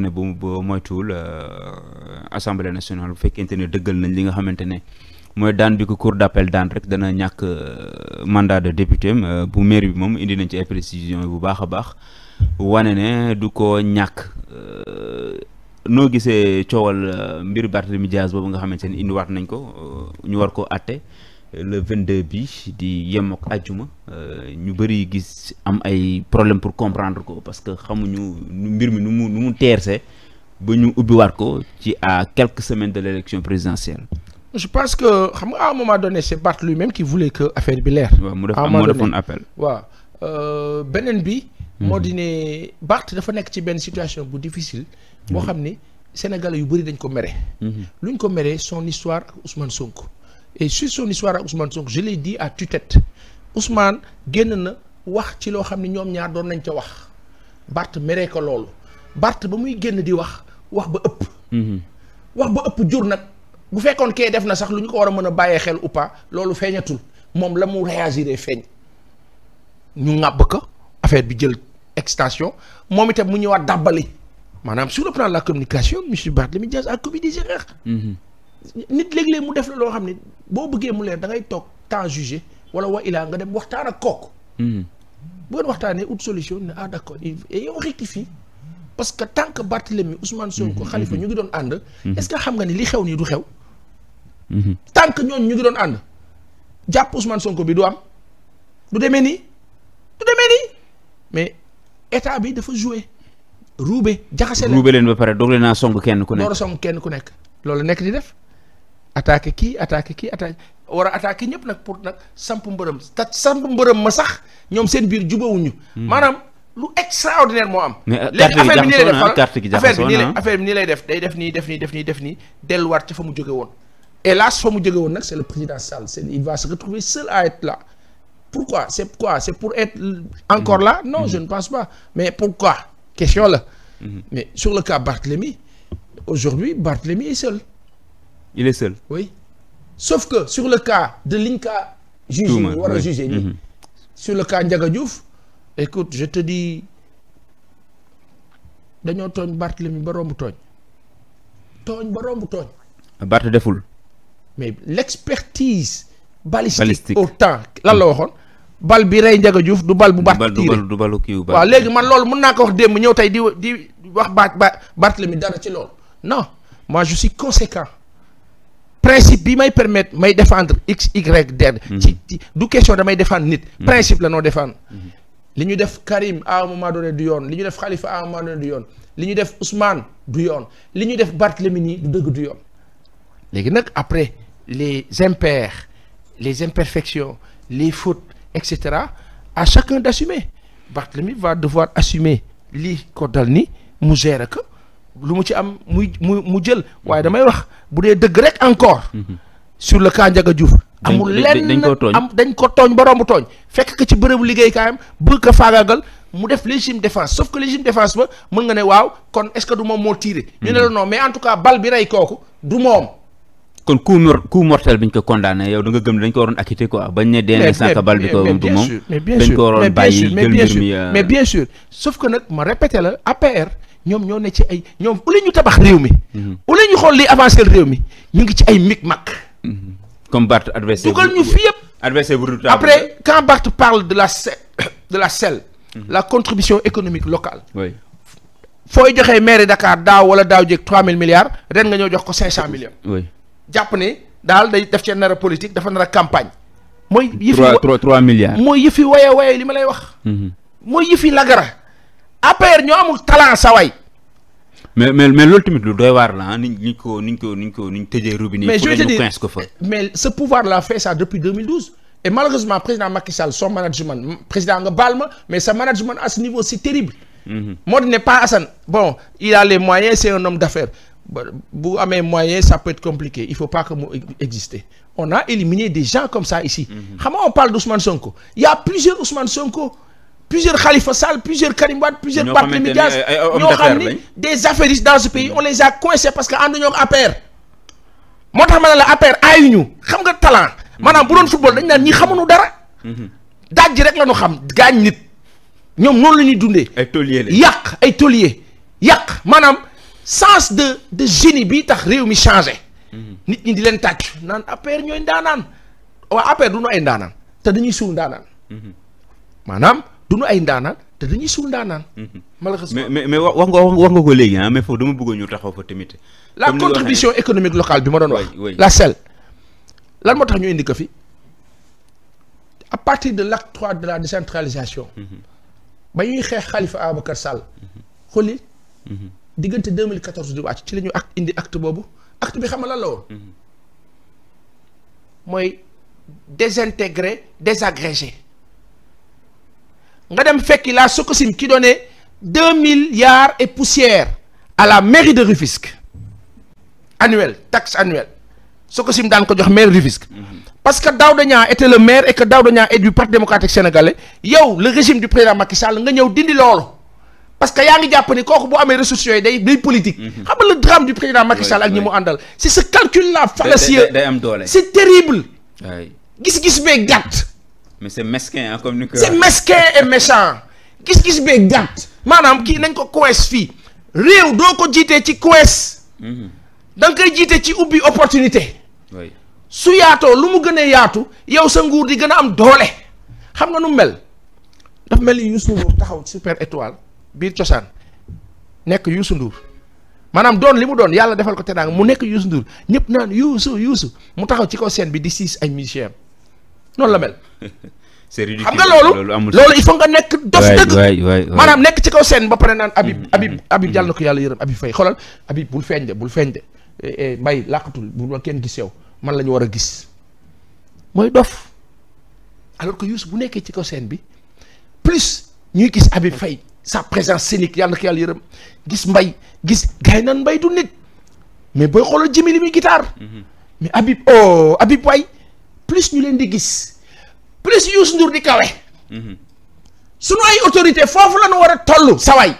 njortu ne bu bu moytuwul euh, assemblée nationale bu fekkente ne dëggal nañ li nga xamante ne mooy daan bi ko cour d'appel daan rek dana ñàkk euh, mandat de député euh, bu maire bi moom indi nañ ci ay précision bu baax a baax wane ne du ko ñàkk noo gisee coowal mbir Barthélémy Dias boobu nga xamante ne indi war nañ ko ñu war ko atte le vingt 22 bi di yem ak àjjuma euh, ñu bëri gis am ay problème pour comprendre ko parce que xamuñu mbir mi nu mu nu mu teerse ba ñu ubbiwaat ko ci à quelque semaines de l'élection présidentielle. je pense que xam nga à un moment donné c'est Barth lui-même qui voulait que affaire bi leer. waaw mu def moo defoon appel. Euh, beneen bi. moo mhm. di ne Barth dafa nekk ci benn situation bu difficile. moo mhm. xam ni sénégalais yu bëri dañ ko mere. Mhm. luñ ko meree son histoire ak Ousmane et sur son histoire ak Ousmane Sonko je l'ai dit à tue-tête génn na wax ci loo xam ne ñoom ñaar doon nañ ca wax Bart meree ko loolu barte ba muy génn di wax wax ba ëpp. Mhm. wax ba ëpp jur nag bu fekkoon kee def na sax lu ñu ko war a mën a bàyyee xel ou pas loolu feeñatul moom la mu réagiré feeñ ñu ŋàbb ko affaire bi jël extension moom itam mu ñëwaat dàbbali maanaam sur le plan de la communication monsieur Barthélémy Dias a commis des erreurs. Mhm. nit léeg-léeg mu def la loo xam ne boo bëggee mu leen da ngay toog temps jugé wala wa ilaa nga dem waxtaan ak kook hmm. boo ngeen waxtaanee out solution ne ah d' accord et yow rectifie parce que tant que Barthélemy Ousmane Sonko hmm. xalifa hmm. ñu ngi doon ànd. est ce que xam nga ni li xew nii du xew. tant que ñooñu ñu ngi doon ànd jàpp Ousmane Sonko bi du am du demee nii du demee nii mais état bi dafa joué. ruube jaxase leen ruube leen ba pare doog leen naa song kenn ku nekk. a song kenn ku nekk loolu nekk di def. attaqué kii attaqué kii attaqué war a attaqué ñëpp nag pour nag samp mbërëm te samp mbërëm ma sax ñoom seen biir jubawuñu hmm. maanaam lu extraordinaire moo am. Euh, léegi affaire bi nii lay def gi affaire bi nii lay lay def day def nii def nii def nii def nii delluwaat ci fa mu jóge woon. hélas fa mu jóge woon nag c' est le président Sall c' est il va se retrouver seul à être là pourquoi c' est quoi pour être encore hmm. la non hmm. je ne pense pas mais pourquoi question la. mais sur le cas Barthélemy aujourd'hui Barthélemy est seul. il est seul. oui sauf que sur le cas de Linka. juge yi war a juger nii. Mhm. le cas Ndiaga Diouf. écoute je te di dañoo tooñ Barthélemy ba romb tooñ. tooñ ba romb tooñ. Barth deful. mais l'expertise balistique, balistique. au temps lan la mhm. waxoon. bal bi rey Ndiaga Diouf du bal bu baax. du bal du balu kii waaw léegi man loolu mën naa ko wax démb ñëw tey di di wax baat ba Barthélemy dara ci lool non moi je suis conséquent. principe bi may permettre may défendre x y d mhm. ci du question damay défendre nit mhm. principe la noo défendre mhm. li ñu def Karim à un moment du yoon li ñu def Khalifa à un du yoon li ñu def Ousmane du yoon li ñu def Barthélemy nii du dëgg du yoon léegi nag après les impairs les imperfections les fautes et cetera à chacun d'assumer Barthélemy va devoir assumer lii ko dal ni mu gère lu mu ci am muy mu mu jël waaye damay wax bu dee dëgg rek encore sur le cas Ndiaga Diouf amul lenn am dañ ko tooñ ba romb tooñ fekk ko ci bërëbu liggéeykaayam bëgg ko faagaagal mu def légitime défense sauf que légitime défense ba mën nga ne waaw kon est-ce que du moom moo tiré ñu ne la non mais en cas bal bi rey kooku du moom kon coup mortel bi ñu ko condamné yow da nga gëm dañ ko waroon acquitté quoi bañ ne dee sànq bal bi ko moom du moom euh, mais bien sûr sauf que nag ma répété la APR ñoom ñoo ne ci ay ñoom au ñu tabax réew mi. au mhm. lieu ñu xool liy avancé réew mi ñu ngi ci ay micmac. Mhm. comme Barth adversaire dugal ñu fi yëpp. adversaire bu après quand Barth parle de la se de la selle. Mhm. la contribution économique locale. oui fooy joxee mairie Dakar daaw wala daaw jéeg mille milliards ren nga ñoo jox ko 500 millions. oui jàpp ne daal day def ceen nar politique dafa nar campagne. mooy yëfi 3 3 milliards. mooy yëfi waye waye li ma lay wax. mooy yëfi lagara. APR ñoo amul talent sa waay mais mais mais loolu tamit lu doy waar la ah ni ñu ko ni ñu ko ni ñu ko ni ñu tëjee robinet. mais je veux dire ko fa. mais ce pouvoir là fait ça depuis 2012. et malheureusement président Macky Sall son management président nga baal ma mais sa management à ce niveau c'est terrible. moo di ne pas Assane bon il a les moyens c'est un homme d'affaires bu amee moyens ça peut être compliqué il faut pas que mu e, exister on a éliminé des gens comme ça ici. Mm-hmm. xam nga on parle d'Ousmane Sonko il y a plusieurs Ousmane Sonko. plusieurs Khalifa Sall plusieurs Karim Wade plusieurs Barthélémy Dias ñoo xam ni des affairistes dans ce pays on les a coincés parce que ànduñoo ak APR moo tax ma ne la APR aayuñu xam nga talent maanaam bu doon football dañ naan ñi xamuñu dara daaj ji rek la ñu xam gaañ nit ñoom noonu la ñuy dundee yàq ay taulier yàq maanaam sens de de génie bi tax réew mi changé mhm. nit ñi di leen tàcc naan APR ñooy ndaanaan waa APR du ñu ay ndaanaan te dañuy suul ndaanaan mhm. duñu ay ndaanaan te dañuy suul ndaanaan. Mhm. malheureusement mais mais wax nga wax nga ko léegi ah mais foofu dama bëggoon ñu taxaw fa tamit. la contribution économique locale bi ma doon wax. la SEL lan moo tax ñu indi ko fi à partir de l'acte 3 de la décentralisation. Mhm. ba ñuy xeex Khalifa Ababacar Sall. Mhm. xooli. diggante mille 2014 di wàcc ci la ñu act indi acte boobu acte bi xam nga lan la woon. mooy désintégrer désagrégé. nga dem fekki la Sococim qui donnait deux milliards et poussière à la mairie de Rufisque annuel taxe annuelle Sococim daan ko jox maire Rufisque mhm. parce que Daouda Niang était le maire et que Daouda Niang est du parti démocratique sénégalais yow le régime du président Macky nga ñëw dindi loolu parce que yaa ngi jàpp kooku bu amee ressources yooyu day day politique. Mhm. xam nga le drame du président Macky ak ñi mu àndal. c'est ce calcul là fallacieux. day am doole c'est terrible. gis-gis bee gàtt. mais c'est mesquin hein, comme ni et méchant gis-gis bee gàtt maanaam kii nañ ko coes fii réew doo ko jiitee ci coes mhm. da nga koy jiite ci ubbi opportunité su yaatoo lu mu gën a yaatu yow sa nguur di gën a am doole xam nga nu mel daf mel ni Youssou Ndour taxaw super étoile biir cosaan nekk Youssou Ndour maanaam doon li mu doon yàlla defal ko te teraanga mu nekk Youssou Ndour ñëpp naan Youssou Youssou mu taxaw ci kaw scène bi di siis ay musiciens noonu la mel. c'est ridicule xam nga loolu loolu il faut nga nekk dof dëgg maanaam nekk ci kaw seen ba pare naan Habib mm-hmm. Habib Habib jàll mm-hmm. na ko yàlla yërëm Habib fay xoolal Habib bul feeñ bul feeñ eh, eh, mbay làkkatul bu kenn gis yow man la war a gis mooy dof alors bu nekkee ci kaw seen bi plus ñuy gis Habib fay sa présence scénique yàlla ko yàlla yërëm gis mbay gis gars yi naan mbay du nit mais booy xoolal jëmi li muy guitare mm-hmm. mais Habib oh Habib waay plus ñu leen di gis plus Youssou Ndour di kawe mhm. suñu ay autorité foofu la ñu war a toll sawaay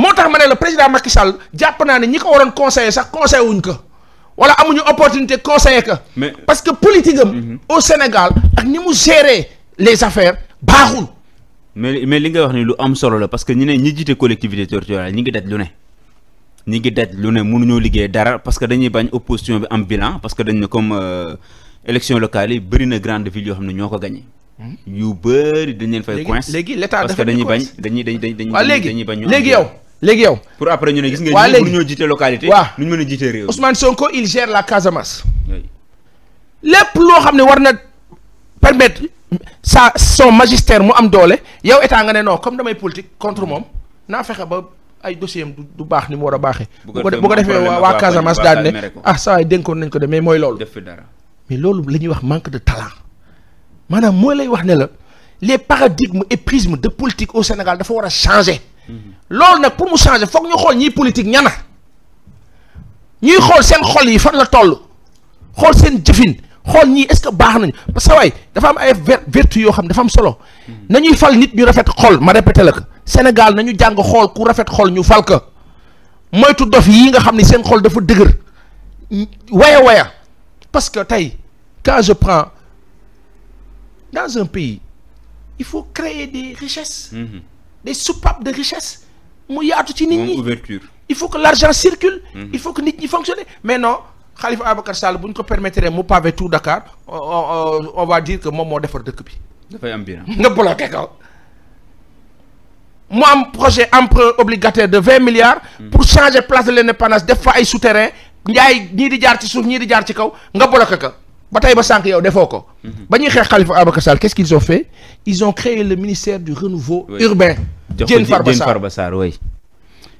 moo tax ma ne la président Macky Sall jàpp naa ne ñi ko waroon conseiller sax conseil wuñ ko wala amuñu opportunité conseiller ko parce que politique am mhm. au Sénégal ak ni mu gérer les affaires baaxul mais mais li nga wax ni lu am solo la parce que ñu ne ñi jiite collectivité territoriale ñi ngi daj lu ne ñi ngi daj lu ne mënuñoo liggéey dara parce que dañuy bañ opposition bi am bilan parce que dañ ne euh, élection locale yi bëri na grande ville yoo xam ne ñoo ko gagné. Hmm? yu bëri dañ leen fay. coince léegi l'état parce que dañuy bañ dañuy dañuy dañuy. waaw léegi léegi yow léegi yow. pour après ñu ne gis nga ñun mënuñoo jiite localité. waaw nu ñu a jiite réew. Ousmane Sonko il gère la Casamance. lépp loo xam ne war na permettre sa son magistère mu am doole yow état nga ne non comme damay politique contre moom naa fexe ba. ay dossier am du baax ni mu war a baaxee. bu ko defee waa Casamance daal ne ah saa yi dénkoon nañ ko de mais mooy loolu. def fi dara. mais loolu la ñuy wax manque de talent maanaam mooy lay wax ne la les paradigmes et prismes de politique au Sénégal dafa war a changer. Mhm. loolu nag pour mu changer foog ñu xool ñiy politique ñana ñuy xool seen xol yi fan la toll xool seen jëfin xool ñii est-ce que baax nañu parce que waay dafa am ay vertu yoo xam ne dafa am solo na mhm. nañuy fal nit ñu rafet xol ma répété la ko Sénégal nañu jàng xool ku rafet xol ñu fal ko moytu dof yii nga xam ne seen xol dafa dëgër waya waya. parce que tey quand je prends dans un pays il faut créer des richesses. Mmh. des soupapes de richesse mu yaatu ci nit il faut que l'argent circule. Mmh. il faut que nit ñi fonctionner mais non Khalifa Ababacar Sall bu ñu ko permettre mu pavé tout Dakar on, va dire que moom moo defar dëkk bi. dafay am mu am projet emprunt obligataire de vingt milliards. Mhm. pour changer place de l'indépendance def fa ay souterrain njaay ñii di jaar ci suuf ñii di jaar ci kaw nga bloqué ko ba tay ba sànq yow defoo ko. Mhm. ba ñuy xeex Khalifa Ababacar Sall qu'est-ce qu'ils ont fait ils ont créé le ministère du renouveau urbain. Diène Farba Sarr oui.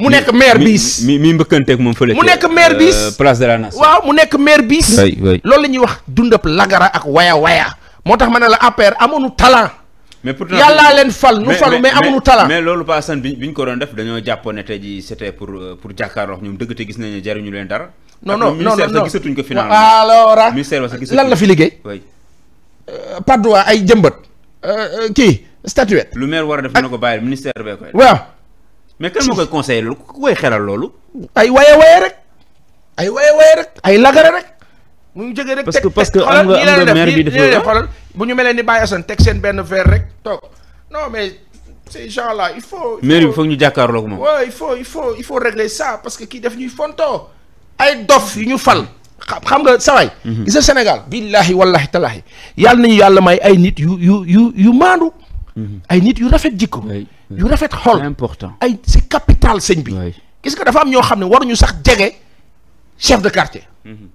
mu nekk maire bis mi mi mbëkkanteeg moom fële. mu nekk maire euh, bis place de la nation. waaw mu nekk maire bis. loolu la ñuy wax dundab lagara ak waya waya moo tax ma ne la APR amoonu talent. mais pourtant yàllaa leen fal nu falu mais amuñu talent mais loolu Pa Assane bi ñu ko doon def dañoo jàppoon ne tey jii c'était pour euh, pour jàkkaarloo ñoom dëgg te gis nañu ne jariñu leen dara. non non non ah, ministère sax gisatuñ ko lan la fi liggéey. oui. Euh, Padois ay jëmbat. Euh, euh, kii statuette. lu maire war a def na ko bàyyi ministère bee koy. waaw. mais kan moo koy conseillé loolu ku koy xelal loolu. ay waye waye rek. ay waye waye rek. ay lagare rek. mu nu jógee rek teg parce que am nga am nga maire bi def loolu xoolal bu ñu melee ni Baye teg seen benn verre rek toog non mais. ces gens-là il faut. maire bi foog ñu jàkkaarloog moom. waaw il faut il faut il faut régler ça parce que kii def ñuy fontoo. ay dof yu ñu fal xam nga saway mhm. gis Sénégal billaahi wallahi talaahi yàlla nañu yàlla may ay nit yu yu yu yu maandu mhm. ay nit yu rafet jikko yu rafet xol important ay c'est capital sëñ bi gis nga dafa am ñoo xam ne ñu sax jege chef de quartier mhm.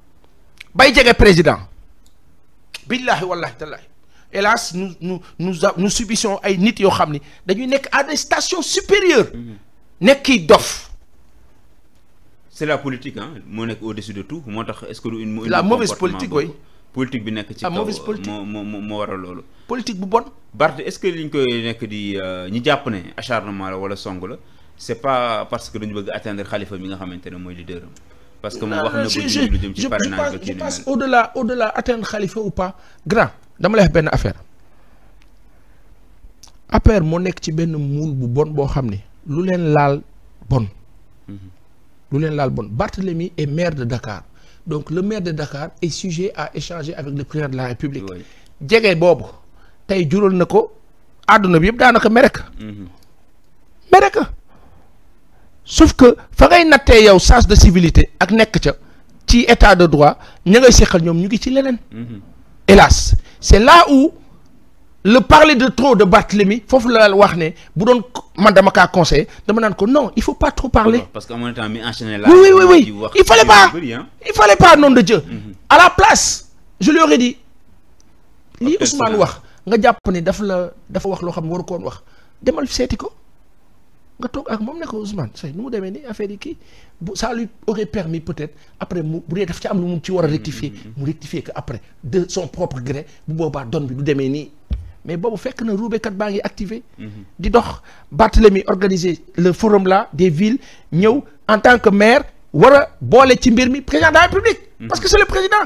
bay jege président billaahi wallahi talaahi hélas nous nous nous nous subissons ay nit yoo xam ni dañuy nekk à des stations nekk kii dof c'est la politique moo nekk au de tout moo tax est-ce que du une. la mauvaise politique oui politique bi nekk ci kaw moo moo moo waral loolu. politique bu bon. Barth est-ce que li ñu koy nekk di euh, ñi jàpp ne acharnement la wala song la c'est pas parce que dañu bëgg atteindre xalifa bi nga xamante ne mooy leader am. parce que moom wax na ko euh, lu jëm ci parrainage ba kii je passe au-delà au-delà atteindre xalifa ou pas grand dama lay wax benn affaire affaire moo nekk ci benn muul bu bon boo xam ne lu leen laal bon. Mhm. lu leen laal bon Barthélemy est maire de Dakar donc le maire de Dakar est sujet à échanger avec le président de la République. jege boobu tey jural na ko àdduna bi yëpp daanaka mereka mhm. mereka sauf que fa ngay nattee yow sens de civilité ak nekk ca ci état de droit ña ngay seqal ñoom ñu ngi ci leneen. Mhm. hélas c'est là où. le parler de trop de Barthélemy foofu la wax ne bu doon man dama kaa conseillé dama naan ko non il faut pas trop parler. parce que en mi enchaîné la. oui oui oui il fallait pas il fallait pas nom de Dieu. Mhm. à la place je lui aurais dit lii Ousmane wax nga jàpp ne daf la dafa wax loo xam ne waru koon wax demal seeti ko nga toog ak moom ne ko Ousmane say nu mu demee nii affaire yi kii bu ça lui aurait permis peut-être après mu bu dee daf ci am lu mu ci war a rectifier mhm, mhm, mu rectifier que après de son propre gré bu boobaa don bi du demee nii. mais boobu fekk na ruubekat baa ngi activé. Mhm. di dox Barthélemy organiser le forum la des villes ñëw en tant que maire war boole ci mbir mi président de la mhm. parce que c'est le président.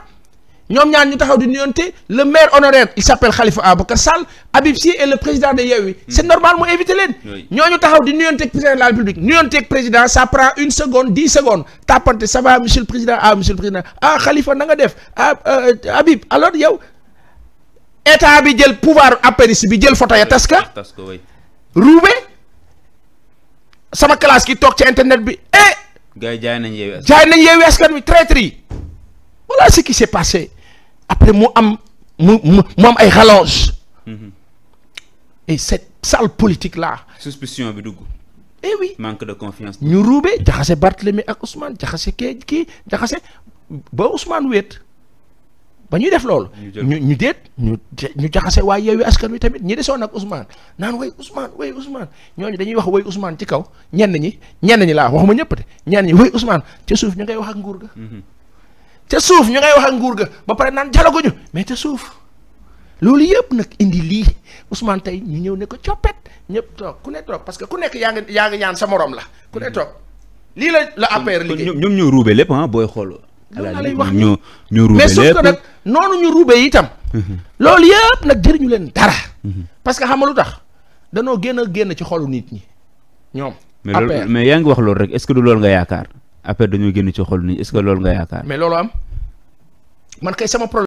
ñoom ñaan ñu taxaw di nuyonte le maire honoraire il s'appelle Khalifa Ababacar Sall Habib Sy et le président de Yewwi mhm. c'est normal mu éviter leen ñooñu taxaw di nuyonteeg président de la République nuyonteeg président ça prend une seconde dix secondes tàppante ça va monsieur le président ah, ah, na nga def ah euh, euh, Habib yow état bi jël pouvoir apéris bi jël photo ya tas ka ruube sama classe ki toog ci internet bi eh. gars jaay nañ yeewi askan jaay nañ yeewi ce qui s'est passé après mu am mu mu mu am ay rallonge mhm. et cette sale politique la suspicion bi dugg. eh oui de confiance. ñu ruube jaxase Barthélemy ak Ousmane jaxase kii kii jaxase ba Ousmane wéet. ba ñuy def loolu. ñu ñu déet ñu ñu jaxase waa yeewi askan wi tamit ñi desoon ak Ousmane naan way Ousmane way Ousmane ñooñu dañuy wax way Ousmane ci kaw ñenn ñi ñenn ñi laa waxuma ñëpp de ñenn ñi way Ousmane ca suuf ñu ngay wax ak nguur ga. Mhm. ca suuf ñu ngay wax ak nguur ga ba pare naan jalaguñu mais ca suuf loolu yëpp nag indi lii Ousmane tey ñu ñëw ne ko coppet ñëpp toog ku ne toog parce que ku nekk yaa ngi yaa ngi ñaan sa morom la ku ne mhm. toog lii la la APR liggéey. kon ñoom ñoo ruube lépp ah booy xool. ñoo ruube lépp mais sauf que nag noonu ñu rube itam. Mhm. loolu yëpp nag jëriñu leen dara. Mhm. parce que xam nga lu tax danoo génn a génn ci xolu nit ñi ñoom. APR mais yaa ngi wax loolu rek est-ce que du loolu nga yaakaar APR dañoo génn ci xolu nit ñi est-ce que loolu nga yaakaar. mais loolu am man kay sama problème.